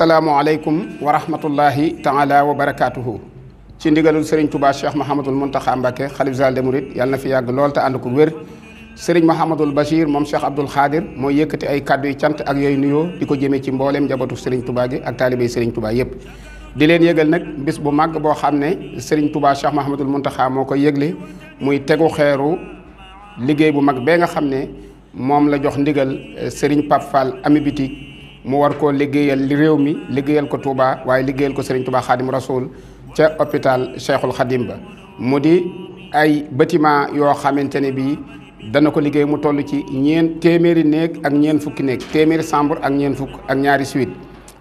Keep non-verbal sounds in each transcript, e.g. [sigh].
salaamualeykum wa rahmatullahi taala wa barakaatuhu ci ndigalul sëriñ Touba Cheikh Mouhamadul Mountakha Mbacké xalif zaal de Mouride yàlla na fi yàgg lool te ànd ko wér sëriñ Mouhamadul Bachir moom Cheikh Abdoul Khadir mooy yëkkati ay kàddu yu cant ak yooyu nuyoo di ko jëmee ci mbooleem njabootu sëriñ Touba gi ak taalibey sëriñ Touba yépp di leen yëgal nag mbis bu màgg boo xam ne sëriñ Touba Cheikh Mouhamadul Mountakha moo koy yëgle muy tegu xeeru liggéey bu mag bee nga xam ne moom la jox ndigal eh, sëriñ Pape Fall mu war koo liggéeyal réew mi liggéeyal ko Touba waaye liggéeyal ko Serigne Touba Khadim Rasoul ca hôpital Cheikhul Khadim ba mu di ay batiment yoo xamante ne bii dana ko liggéey mu toll ci ñeen téeméeri néeg ak ñeen fukki néeg téeméeri chambre ak ñeen fukk ak ñaari suite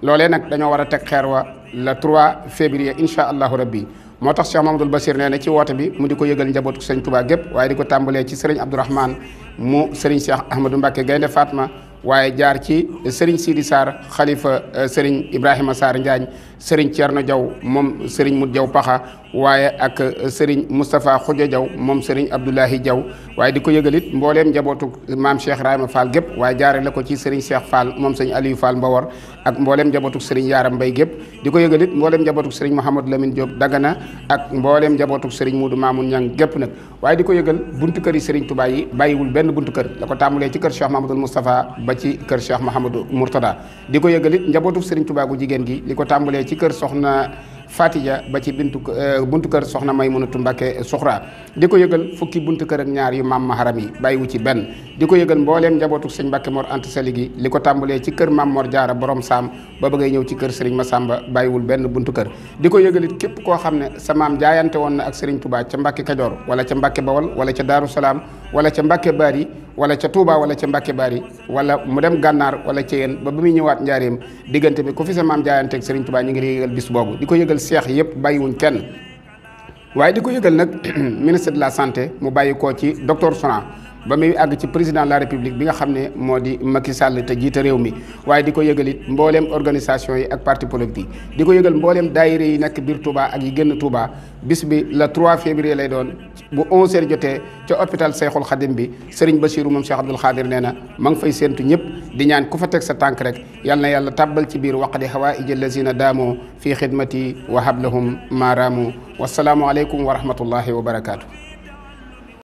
loolee nag dañoo war a teg xeer wa le 3 février incha allahu rabbi moo tax Cheikh Mamadou Bassir nee na ci woote bi mu di ko yëgal njabootu sëñ Touba gépp waaye di ko tàmbalee ci sëriñ Abdourahmane mu sëriñ Cheikh Ahmadou Mbacke Gaynde Fatma waaye jaar ci Serigne Sidi Sarr xalifa euh, Serigne Ibrahima Sarr Njaañ Serigne Thierno jaw moom Serigne Modou jaw Paxa waaye ak Serigne Moustapha Khoudia jaw moom Serigne Abdoulahi jaw waaye di ko yëgalit mbooleem njabootu maam Cheikh Rahima Fall gépp waaye jaare la ko ci Serigne Cheikh Fall moom Serigne Aliou Fall Mbawar ak mbooleem njabootu Serigne Yaram Mbaye gépp di ko yëgalit mbooleem njabootu Serigne Mouhamad Lamine Diop Dagana ak mbooleem njabootu Serigne Moudou Mamoun Niang gépp nag waaye di ko yëgal buntu kër yi Serigne Touba yi bàyyiwul benn buntu kër la ko tàmbalee ci kër Cheikh Mahamadou Moustapha ba ci kër Cheikh Mahamadou Mourtada di ko yëgalit njabootu Serigne Touba jigéen gi li ko tàmbalee ci kër soxna faatija ba ci bintu eh, buntu kër soxna may Maymunatu Mbàkke Suxra di ko yëgal fukki buntu kër ak ñaar yu maam maharam yi bàyyiwu ci benn di ko yëgal mbooleem njabootu sëñ mbakke Mor ant Sali gi li ko tàmbalee ci kër maam Mor Jaara borom saam ba bëggee ñëw ci kër sëriñ sàmba bàyyiwul benn buntu kër di ko yëgal it képp koo xam ne sa maam jaayante woon na ak sëriñ Touba ca Mbàkke Kajoor wala ca mbakke Bawol wala ca Daaru Salaam wala ca Mbàkke Baar yi wala ca Touba wala ca Mbacke Bari wala mu dem Gànnaar wala ca yéen ba ba muy ñëwaat njaareem diggante bi ku fi sa maam jaayanteeg Serigne Touba ñu ngi lay yëgal bis boobu di ko yëgal seex yëpp bàyyiwuñ kenn waaye di ko yëgal nag [clears throat] ministre de la santé mu bàyyi koo ci docteur Sona. ba muy àgg ci président la république bi nga xam ne moo di Macky Sall te jiite réew mi waaye di ko yëgal it mbooleem organisation yi ak parti politique di ko yëgal mbooleem daayira yi nekk biir Touba ak yi génn Touba bis la trois 3 lay doon bu 11h jotee ca hôpital Seyxul Xadim bi Serigne Bassirou moom Cheikh Abdoul Khadir nee na ma ngi fay séentu ñëpp di ñaan ku fa teg sa tànk rek yal na yàlla tàbbal ci biir waqdi hawaaij allazina daamoo fii xidmati wa hablahum maaraamu wasalaamu aleykum wa rahmatullahi wa barakaatu.